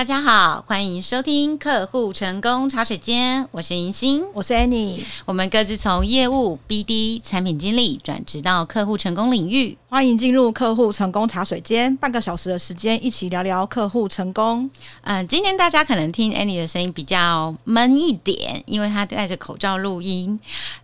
大家好，歡迎收聽客戶成功茶水間。我是銀心，我是 Annie，我們各自從業務 BD、D, 產品經理轉職到客戶成功領域。歡迎進入客戶成功茶水間，半個小時的時間，一起聊聊客戶成功。嗯，今天大家可能聽 Annie 的聲音比較悶一點，因為她戴着口罩錄音。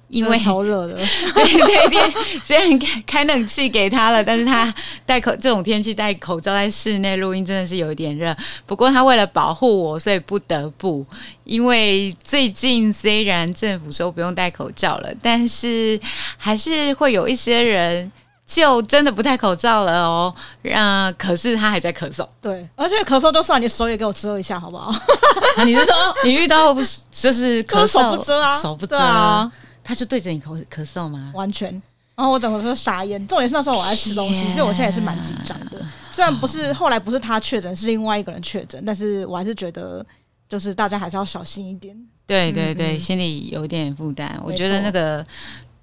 因為好熱的， 對，對對，這邊雖然開冷氣給她了，但是她戴口這種天氣戴口罩在室內錄音真的是有一點熱。不過她為了保護我，所以不得不。因為最近雖然政府說不用戴口罩了，但是還是會有一些人。就真的不戴口罩了哦，讓、嗯、可是他還在咳嗽。對，而且咳嗽都算，你手也給我遮一下，好不好？ 啊、你是說、哦、你遇到不是就是咳嗽不遮啊？手不遮啊？遮啊，他就對着你咳咳嗽嗎？完全。然後我整個都傻眼，重點是那時候我還吃東西，Yeah 所以我現在也是蠻緊張的。雖然不是後來不是他確診，是另外一個人確診，但是我還是覺得就是大家還是要小心一點。對對對，嗯、心裡有點負擔。嗯、我覺得那個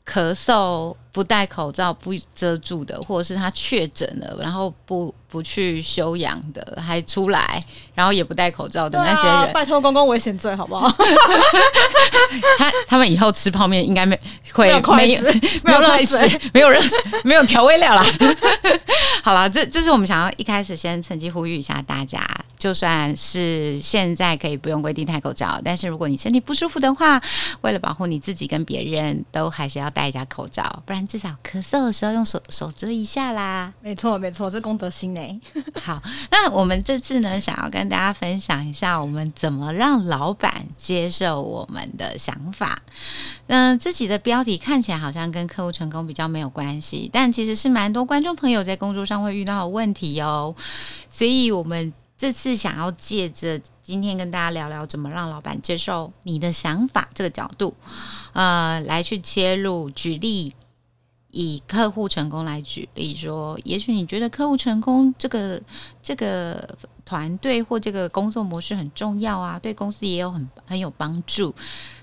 咳嗽。不戴口罩不遮住的，或者是他確診了，然後不不去休養的，還出來，然後也不戴口罩的那些人，啊、拜托公公危險罪好不好？ 他他們以後吃泡面應該沒會筷子,有，沒有,沒有熱水， 沒有熱水， 沒有調味料啦。 好了，這這、就是我們想要一開始先趁機呼籲一下大家，就算是現在可以不用規定戴口罩，但是如果你身體不舒服的話，為了保護你自己跟別人都還是要戴一下口罩，不然。至少咳嗽的時候用手手遮一下啦。沒錯，沒錯，這功德心呢。 好，那我們這次呢，想要跟大家分享一下，我們怎麼讓老闆接受我們的想法。嗯，自己的標題看起來好像跟客戶成功比較沒有關係，但其實是蠻多觀眾朋友在工作上會遇到的問題哦。所以我們這次想要借着今天跟大家聊聊，怎麼讓老闆接受你的想法這個角度，呃，來去切入舉例。以客戶成功來舉例說，也許你覺得客戶成功這個這個團隊或這個工作模式很重要啊，對公司也有很很有幫助，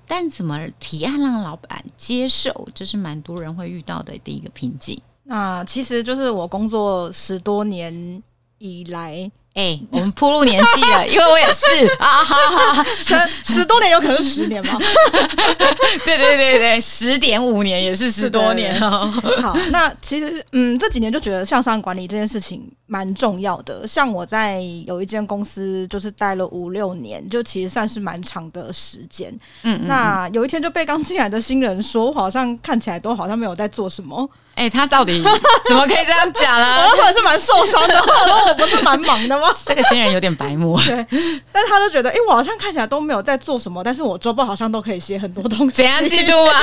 但怎麼提案讓老闆接受，這是蠻多人會遇到的第一個瓶頸。那其實就是我工作十多年以來。哎、欸，我們暴露年紀了，因為我也是 啊，哈哈，十十多年有可能是十年嗎？對 對對對，十點五年也是十多年啊、哦。好，那其實嗯，這幾年就覺得向上管理這件事情，蠻重要的，像我在有一間公司就是待了五六年，就其實算是蠻長的時間。嗯，嗯，嗯，那有一天就被剛進來的新人說，我好像看起來都好像沒有在做什麼。哎、欸，他到底怎麼可以這樣講啊？ 我當時是蠻受傷的，我說我不是蠻忙的嗎？ 這個新人有點白目。對，但他就覺得，哎、欸，我好像看起來都沒有在做什麼，但是我週報好像都可以寫很多東西，怎樣嫉妒啊？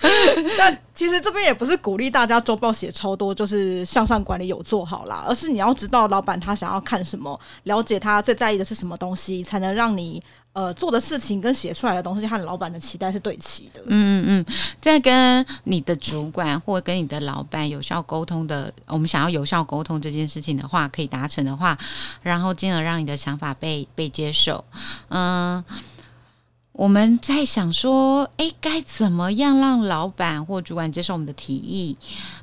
但其實這邊也不是鼓勵大家周報寫超多，就是向上管理有做好啦，而是你要知道老闆他想要看什麼，了解他最在意的是什麼東西，才能讓你呃做的事情跟寫出來的東西和老闆的期待是對齊的。嗯嗯嗯，在跟你的主管或跟你的老闆有效溝通的，我們想要有效溝通這件事情的話，可以達成的話，然後進而讓你的想法被被接受，嗯。我們在想說，哎，該怎麼樣讓老闆或主管接受我們的提議？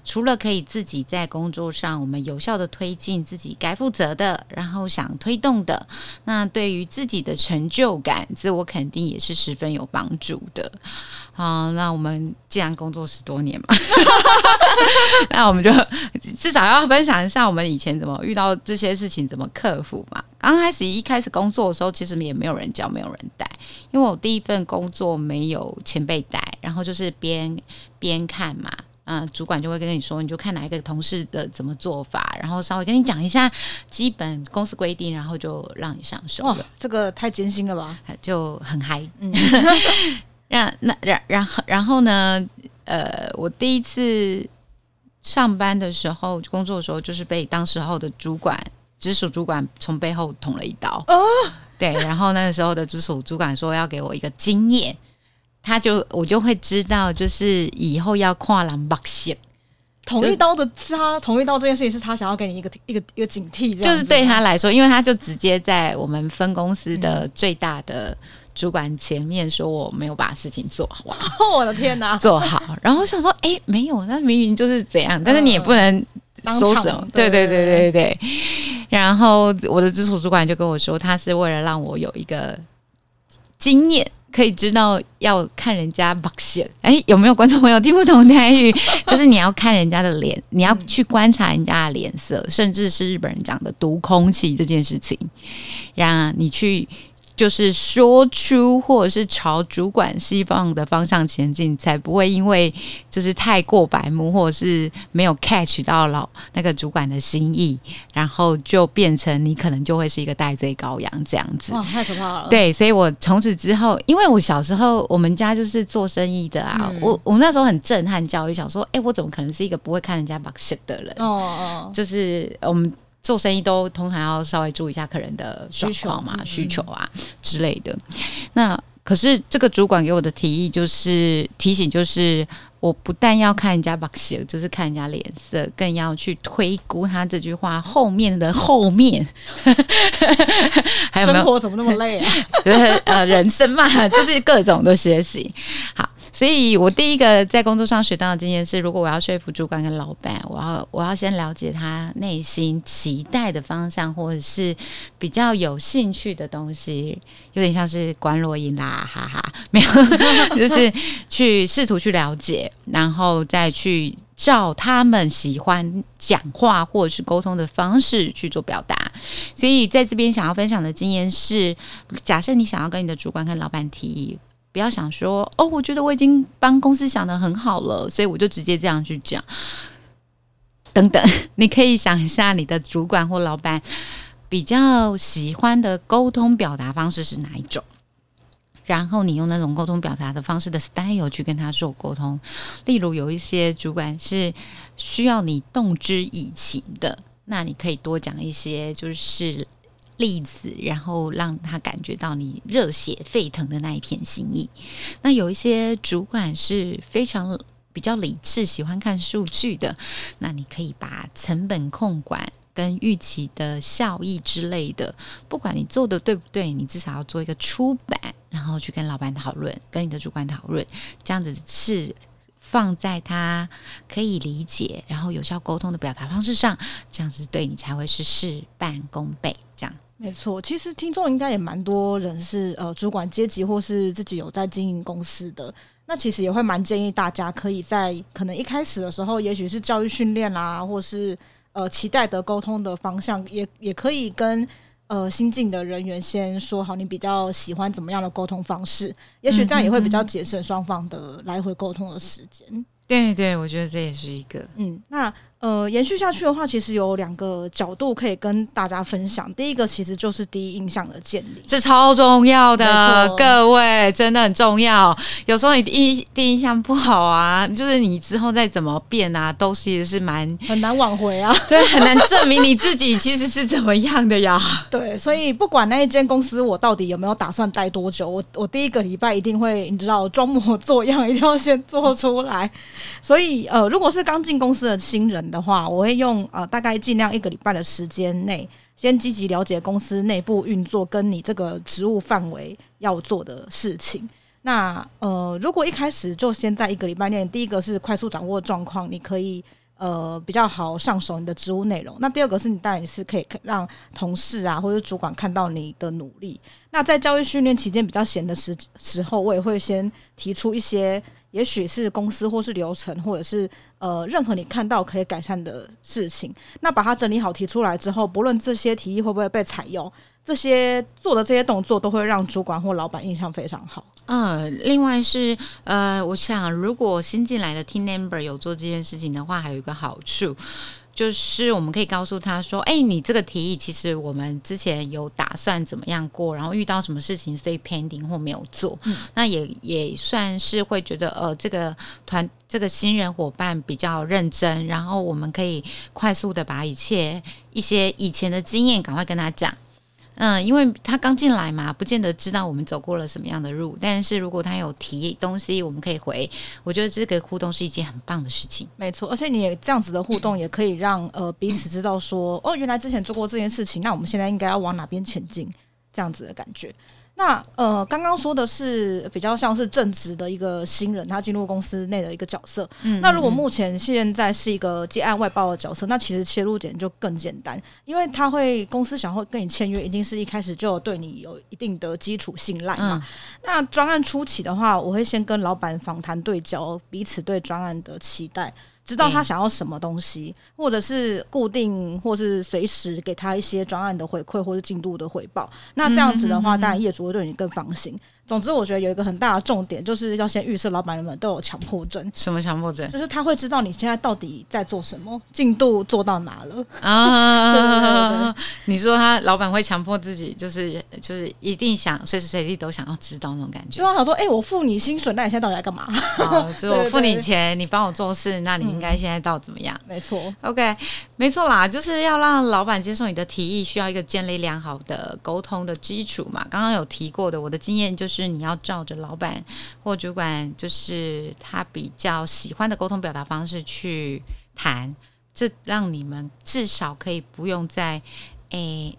除了可以自己在工作上，我們有效的推進自己該負責的，然後想推動的，那對於自己的成就感，自我肯定也是十分有幫助的。啊、嗯，那我們既然工作十多年嘛， 那我們就至少要分享一下我們以前怎麼遇到這些事情，怎麼克服嘛。剛開始一開始工作的時候，其實也沒有人教，沒有人帶。因為我第一份工作沒有前輩帶，然後就是邊邊看嘛，嗯、呃，主管就會跟你說，你就看哪一個同事的怎麼做法，然後稍微跟你講一下基本公司規定，然後就讓你上手。哦，這個太艱辛了吧？啊、就很嗨。嗯，那那然然後然後呢？呃，我第一次上班的時候，工作的時候就是被當時候的主管，直屬主管從背後捅了一刀。哦、對，然後那時候的直屬主管說要給我一個經驗，他就我就會知道，就是以後要跨欄把行。捅一刀的是他，捅就一刀這件事情是他想要給你一個一個一個警惕，就是對他來說，因為他就直接在我們分公司的最大的主管前面說我沒有把事情做好，嗯、 我的天哪，做好。然後我想說，哎、欸，沒有，那明明就是這樣，但是你也不能。嗯當場對，對對對對對，然後我的直屬主管就跟我說，他是為了讓我有一個經驗，可以知道要看人家 boxing。哎、欸，有沒有觀眾朋友 聽不懂台語？就是你要看人家的臉， 你要去觀察人家的臉色，甚至是日本人講的“讀空氣”這件事情，讓你去。就是說出，或者是朝主管希望的方向前進，才不會因為就是太過白目，或者是沒有 catch 到老那個主管的心意，然後就變成你可能就會是一個代罪羔羊這樣子。哇，太可怕了！對，所以我從此之後，因為我小時候我們家就是做生意的啊，嗯、我我那時候很震撼教育，想說，哎，我怎麼可能是一個不會看人家把 o 的人？哦哦，就是我們。做生意都通常要稍微注意一下客人的需求嘛、嗯嗯需求啊之類的。那可是這個主管給我的提議就是提醒，就是我不但要看人家把戲，就是看人家臉色，更要去推估他這句話後面的後面。還 有 怎麼那麼累啊？ 呃，人生嘛，就是各種的學習。好。所以，我第一個在工作上學到的經驗是，如果我要說服主管跟老闆，我要我要先了解他內心期待的方向，或者是比較有興趣的東西，有點像是觀落陰啦，哈哈，沒有， 就是去試圖去了解，然後再去照他們喜歡講話或者是溝通的方式去做表達。所以，在這邊想要分享的經驗是，假設你想要跟你的主管跟老闆提議。不要想說哦，我覺得我已經幫公司想得很好了，所以我就直接這樣去講。等等，你可以想一下你的主管或老板比較喜歡的溝通表達方式是哪一種，然後你用那種溝通表達的方式的 style 去跟他做溝通。例如，有一些主管是需要你動之以情的，那你可以多講一些，就是。例子，然後讓他感覺到你熱血沸騰的那一片心意。那有一些主管是非常比較理智，喜歡看數據的。那你可以把成本控管跟預期的效益之類的，不管你做的對不對，你至少要做一個初版，然後去跟老板討論，跟你的主管討論。這樣子是放在他可以理解，然後有效溝通的表達方式上。這樣子對你才會是事半功倍。這樣。沒錯，其實聽眾應該也蠻多人是呃主管階級或是自己有在經營公司的，那其實也會蠻建議大家可以在可能一開始的時候，也許是教育訓練啦、啊，或是呃期待的溝通的方向，也也可以跟呃新進的人員先說好你比較喜歡怎麼樣的溝通方式，也許這樣也會比較節省雙方的來回溝通的時間。嗯、對對，我覺得這也是一個嗯那。呃，延續下去的話，其實有兩個角度可以跟大家分享。第一個其實就是第一印象的建立，這超重要的，沒錯。各位真的很重要。有時候你第一第一印象不好啊，就是你之後再怎麼變啊，都其實是蠻很難挽回啊。對，很難證明你自己其實是怎麼樣的呀。 對，所以不管那一間公司，我到底有沒有打算待多久，我我第一個禮拜一定會，你知道，裝模作樣一定要先做出來。所以呃，如果是剛進公司的新人的話，我會用呃，大概盡量一個禮拜的時間內，先積極了解公司內部運作，跟你這個職務範圍要做的事情。那呃，如果一開始就先在一個禮拜內，第一個是快速掌握狀況，你可以呃比較好上手你的職務內容。那第二個是你當然是可以讓同事啊或者主管看到你的努力。那在教育訓練期間比較閒的時時候，我也會先提出一些，也許是公司或是流程，或者是。呃，任何你看到可以改善的事情，那把它整理好提出來之後，不論這些提議會不會被採用，這些做的這些動作都會讓主管或老板印象非常好。嗯，另外是呃，我想如果新進來的 team member 有做這件事情的話，還有一個好處。就是我們可以告訴他說，哎，你這個提議其實我們之前有打算怎麼樣過，然後遇到什麼事情所以 pending 或沒有做，嗯、那也也算是會覺得呃，這個團這個新人夥伴比較認真，然後我們可以快速的把一切一些以前的經驗趕快跟他講。嗯，因為他剛進來嘛，不見得知道我們走過了什麼樣的路。但是如果他有提東西，我們可以回。我覺得這個互動是一件很棒的事情。沒錯，而且你也這樣子的互動，也可以讓 呃彼此知道說，哦，原來之前做過這件事情，那我們現在應該要往哪邊前進，這樣子的感覺。那呃，剛剛說的是比較像是正職的一個新人，他進入公司內的一個角色。嗯、那如果目前現在是一個接案外包的角色，嗯、那其實切入點就更簡單，因為他會公司想要跟你簽約，一定是一開始就有對你有一定的基礎信賴嘛。嗯、那專案初期的話，我會先跟老板訪談對焦，彼此對專案的期待。知道他想要什麼東西，欸、或者是固定，或是隨時給他一些專案的回饋，或是進度的回報。那這樣子的話，嗯、哼哼哼當然業主會對你更放心。總之，我覺得有一個很大的重點，就是要先預設老闆人們都有強迫症。什麼強迫症？就是他會知道你現在到底在做什麼，進度做到哪了啊？ 對對對對，你說他老闆會強迫自己，就是就是一定想隨時隨地都想要知道那種感覺。就好像說：“哎、欸，我付你薪水，那你現在到底在幹嘛？” 好，就是我付你錢，對對對，你幫我做事，那你應該現在到怎麼樣？嗯、沒錯，OK，沒錯啦，就是要讓老闆接受你的提議，需要一個建立良好的溝通的基礎嘛。剛剛有提過的，我的經驗就是。是你要照着老闆或主管，就是他比較喜歡的溝通表達方式去談，這讓你們至少可以不用再誒、欸、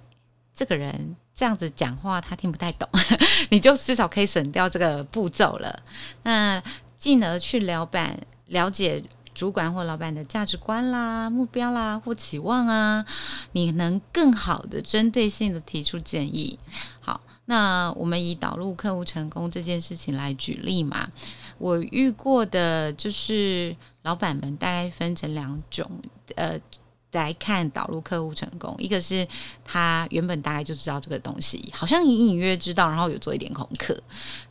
這個人這樣子講話，他聽不太懂， 你就至少可以省掉這個步驟了。那進而去了板了解主管或老闆的價值觀啦、目標啦或期望啊，你能更好的針對性的提出建議。好。那我們以導入客戶成功這件事情來舉例嘛，我遇過的就是老闆們大概分成兩種，呃，來看導入客戶成功，一個是他原本大概就知道這個東西，好像隱隱約約知道，然後有做一點功課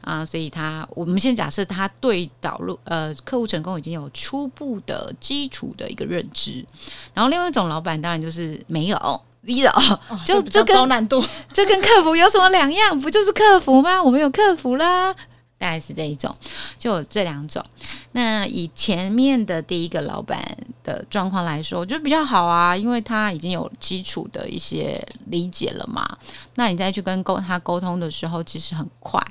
啊，所以他，我們先假設他對導入呃客戶成功已經有初步的基礎的一個認知，然後另外一種老闆當然就是沒有。l e 就這跟、哦、就高難度， 這跟客服有什麼兩樣？不就是客服嗎？我們有客服啦，大概是這一種，就這兩種。那以前面的第一個老闆的狀況來說，我覺得比較好啊，因為他已經有基礎的一些理解了嘛。那你再去跟溝他溝通的時候，其實很快。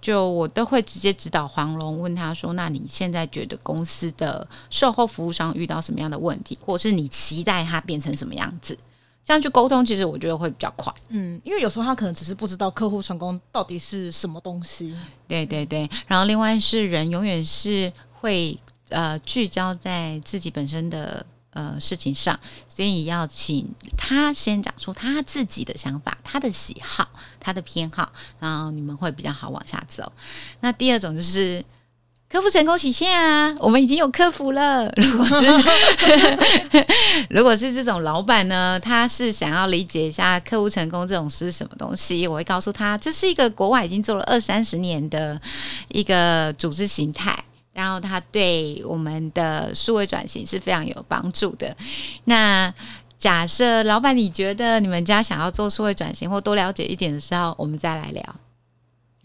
就我都會直接指導黃龍，問他說：“那你現在覺得公司的售後服務上遇到什麼樣的問題，或是你期待他變成什麼樣子？”這樣去溝通，其實我覺得會比較快。嗯，因為有時候他可能只是不知道客戶成功到底是什麼東西。對對對，然後另外是人永遠是會呃聚焦在自己本身的呃事情上，所以要請他先講出他自己的想法、他的喜好、他的偏好，然後你們會比較好往下走。那第二種就是。客戶成功起現啊，我們已經有客服了。如果是 如果是這種老板呢，他是想要理解一下客戶成功這種是什麼東西，我會告訴他，這是一個國外已經做了二三十年的一個組織形態，然後它對我們的數位轉型是非常有幫助的。那假設老板你覺得你們家想要做數位轉型或多了解一點的時候，我們再來聊。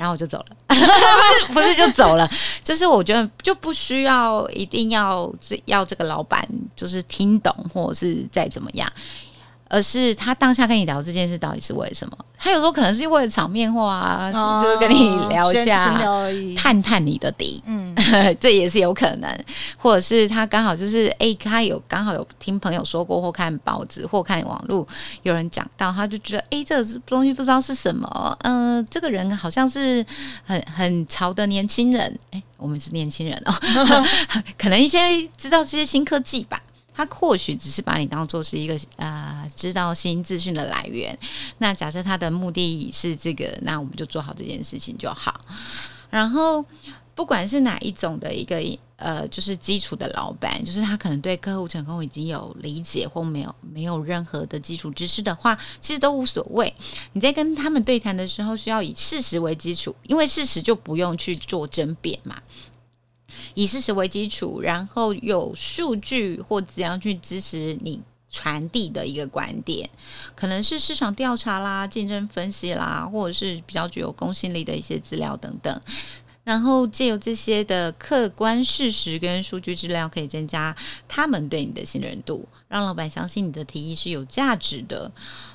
然後我就走了， 不是不是就走了， 就是我覺得就不需要一定要要這個老板就是聽懂或者是再怎麼樣。而是他當下跟你聊這件事到底是為什麼？他有時候可能是因為場面話啊，啊是是就是跟你聊一下，探探你的底，嗯呵呵，這也是有可能。或者是他剛好就是，哎、欸，他有剛好有聽朋友說過，或看報紙，或看網絡有人講到，他就覺得，哎、欸，這東西不知道是什麼，嗯、呃，這個人好像是很很潮的年輕人，哎、欸，我們是年輕人哦， 可能一些知道這些新科技吧，他或許只是把你當做是一個、呃知道新資訊的來源，那假設他的目的是這個，那我們就做好這件事情就好。然後，不管是哪一種的一個呃，就是基礎的老板，就是他可能對客戶成功已經有理解或沒有沒有任何的基礎知識的話，其實都無所謂。你在跟他們對談的時候，需要以事實為基礎，因為事實就不用去做爭辯嘛。以事實為基礎，然後有數據或怎樣去支持你。傳遞的一個觀點，可能是市場調查啦、競爭分析啦，或者是比較具有公信力的一些資料等等。然後借由這些的客觀事實跟數據資料，可以增加他們對你的信任度，讓老板相信你的提議是有價值的。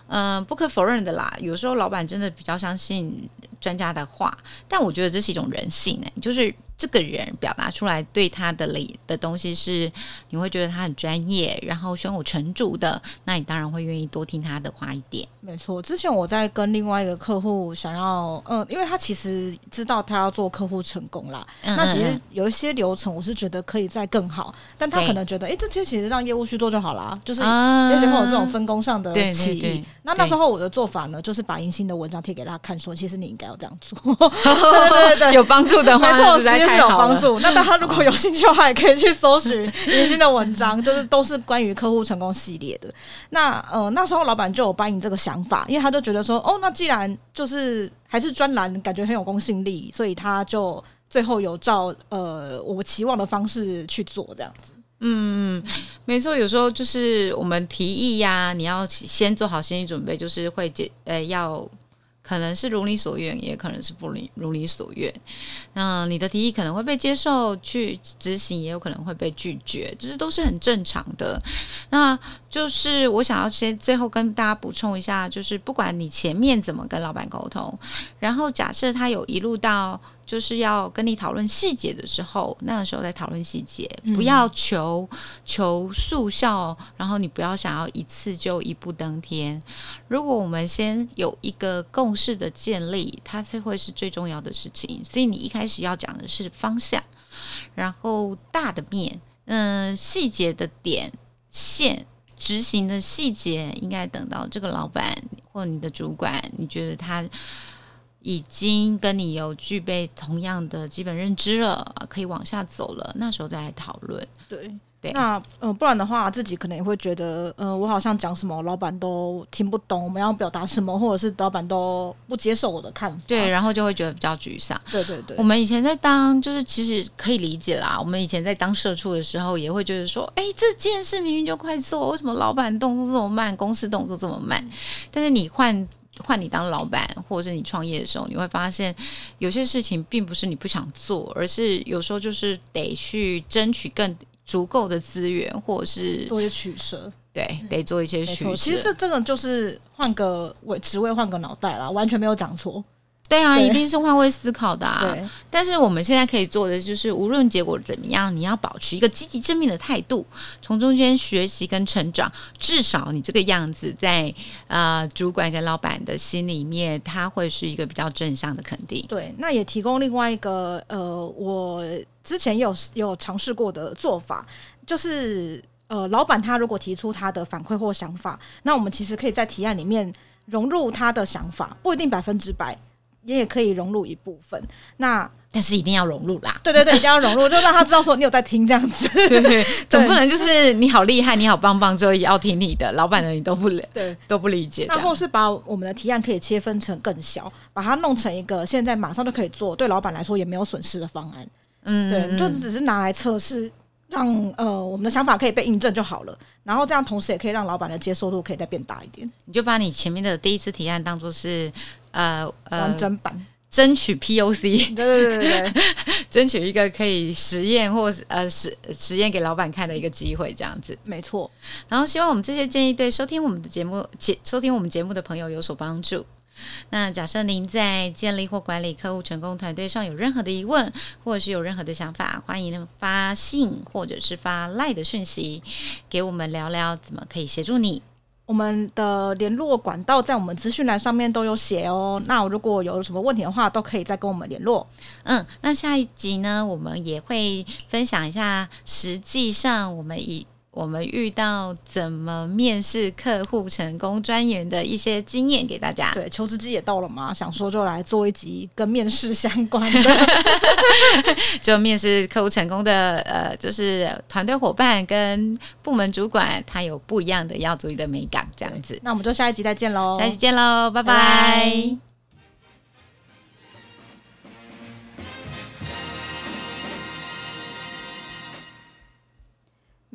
嗯、呃，不可否認的啦，有時候老板真的比較相信。專家的話，但我覺得這是一種人性呢、欸，就是這個人表達出來對他的理的東西是，你會覺得他很專業，然後胸有成竹的，那你當然會願意多聽他的話一點。沒錯，之前我在跟另外一個客戶想要，嗯，因為他其實知道他要做客戶成功啦，嗯嗯嗯。那其實有一些流程我是覺得可以再更好，但他可能覺得，哎對、欸，這些其實讓業務去做就好了，就是也許、嗯、會有這種分工上的歧義。對對對對，那那時候我的做法呢，對就是把銀新的文章貼給他看，說其實你應該。要這樣做， 對對對，對，oh, 有幫助的話，沒錯，其實有幫助。那大家如果有興趣的話，也可以去搜尋明星的文章， 就是都是關於客戶成功系列的。那呃，那時候老闆就有把你這個想法，因為他就覺得說，哦，那既然就是還是專欄，感覺很有公信力，所以他就最後有照呃我期望的方式去做這樣子。嗯，沒錯，有時候就是我們提議呀、啊，你要先做好心理準備，就是會解呃、欸，要。可能是如你所願，也可能是不如你所願。那你的提議可能會被接受去執行，也有可能會被拒絕，這、就是、都是很正常的。那就是我想要先最後跟大家補充一下，就是不管你前面怎麼跟老闆溝通，然後假設他有一路到。就是要跟你討論細節的時候，那個時候再討論細節，嗯、不要求求速效，然後你不要想要一次就一步登天。如果我們先有一個共識的建立，它才會是最重要的事情。所以你一開始要講的是方向，然後大的面，嗯、呃，細節的點、線、執行的細節，應該等到這個老板或你的主管，你覺得他。已經跟你有具備同樣的基本認知了，可以往下走了。那時候再來討論。對對，對那，嗯、呃，不然的話，自己可能也會覺得，嗯、呃，我好像講什麼，老闆都聽不懂，我們要表達什麼，或者是老闆都不接受我的看法。對，然後就會覺得比較沮喪。啊、對對對。我們以前在當，就是其實可以理解啦。我們以前在當社畜的時候，也會覺得說，哎，這件事明明就快做，為什麼老闆動作這麼慢，公司動作這麼慢？嗯、但是你換。換你當老闆，或者是你創業的時候，你會發現有些事情並不是你不想做，而是有時候就是得去爭取更足夠的資源，或者是做一些取捨。對，得做一些取捨。嗯，其實這真的就是換個位職位，換個腦袋啦，完全沒有講錯。對啊，對一定是換位思考的啊。對但是我們現在可以做的就是，無論結果怎麼樣，你要保持一個積極正面的態度，從中間學習跟成長。至少你這個樣子在，在呃主管跟老板的心裡面，他會是一個比較正向的肯定。對，那也提供另外一個呃，我之前有有嘗試過的做法，就是呃，老板他如果提出他的反饋或想法，那我們其實可以在提案裡面融入他的想法，不一定百分之百。也也可以融入一部分，那但是一定要融入啦。對對對，一定要融入， 就讓他知道說你有在聽這樣子。對對， 對，總不能就是你好厲害，你好棒棒，就要聽你的老闆的你都不理，對，都不理解。那或是把我們的提案可以切分成更小，把它弄成一個現在馬上就可以做，對老闆來說也沒有損失的方案。嗯，對，就只是拿來測試。讓呃我們的想法可以被印證就好了，然後這樣同時也可以讓老闆的接受度可以再變大一點。你就把你前面的第一次提案當做是呃完整版，呃、爭取 POC，對對對對， 爭取一個可以實驗或是呃實實驗給老闆看的一個機會，這樣子沒錯。然後希望我們這些建議對收聽我們的節目節、收聽我們節目的朋友有所幫助。那假設您在建立或管理客戶成功團隊上有任何的疑問，或者是有任何的想法，歡迎發信或者是發賴的訊息給我們聊聊，怎麼可以協助你。我們的聯絡管道在我們資訊欄上面都有寫哦。那如果有什麼問題的話，都可以再跟我們聯絡。嗯，那下一集呢，我們也會分享一下，實際上我們以。我們遇到怎麼面試客戶成功專員的一些經驗給大家。對，求職季也到了嘛，想說就來做一集跟面試相關的， 就面試客戶成功的呃，就是團隊夥伴跟部門主管，他有不一樣的要注意的美感這樣子。那我們就下一集再見嘍，下一集見嘍，拜拜。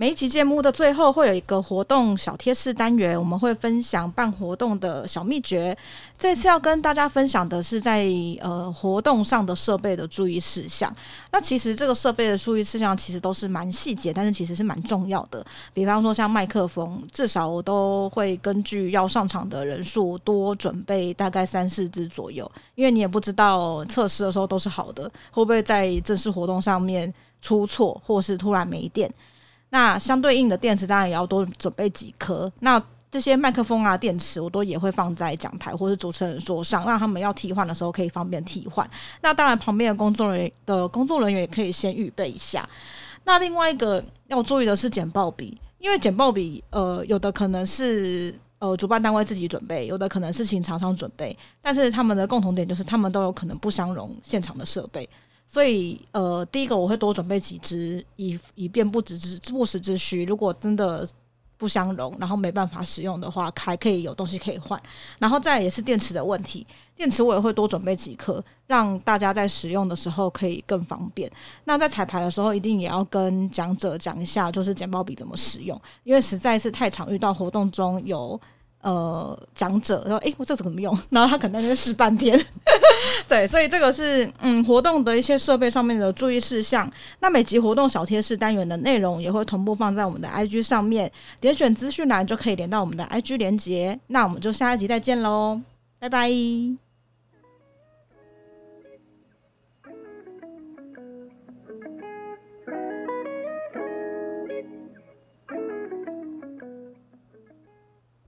每一期節目的最後會有一個活動小貼士單元，我們會分享辦活動的小秘訣。這次要跟大家分享的是在呃活動上的設備的注意事項。那其實這個設備的注意事項其實都是蠻細節，但是其實是蠻重要的。比方說像麥克風，至少我都會根據要上場的人數多準備大概三四支左右，因為你也不知道測試的時候都是好的，會不會在正式活動上面出錯，或是突然沒電。那相對應的電池當然也要多準備幾顆。那這些麥克風啊、電池我都也會放在講台或是主持人桌上，讓他們要替換的時候可以方便替換。那當然旁邊的工作人員的工作人員也可以先預備一下。那另外一個要注意的是簡報筆，因為簡報筆呃有的可能是呃主辦單位自己準備，有的可能是請廠商準備，但是他們的共同點就是他們都有可能不相容現場的設備。所以，呃，第一個我會多準備幾支，以以便不止之不時之需。如果真的不相容，然後沒辦法使用的話，還可以有東西可以換。然後再也是電池的問題，電池我也會多準備幾顆，讓大家在使用的時候可以更方便。那在彩排的時候，一定也要跟講者講一下，就是簡報筆怎麼使用，因為實在是太常遇到活動中有。呃，講者，然後哎，我這個怎麼用？然後他可能在那邊試半天。 對，所以這個是嗯，活動的一些設備上面的注意事項。那每集活動小貼士單元的內容也會同步放在我們的 IG 上面，點選資訊欄就可以連到我們的 IG 鏈接。那我們就下一集再見嘍，拜拜。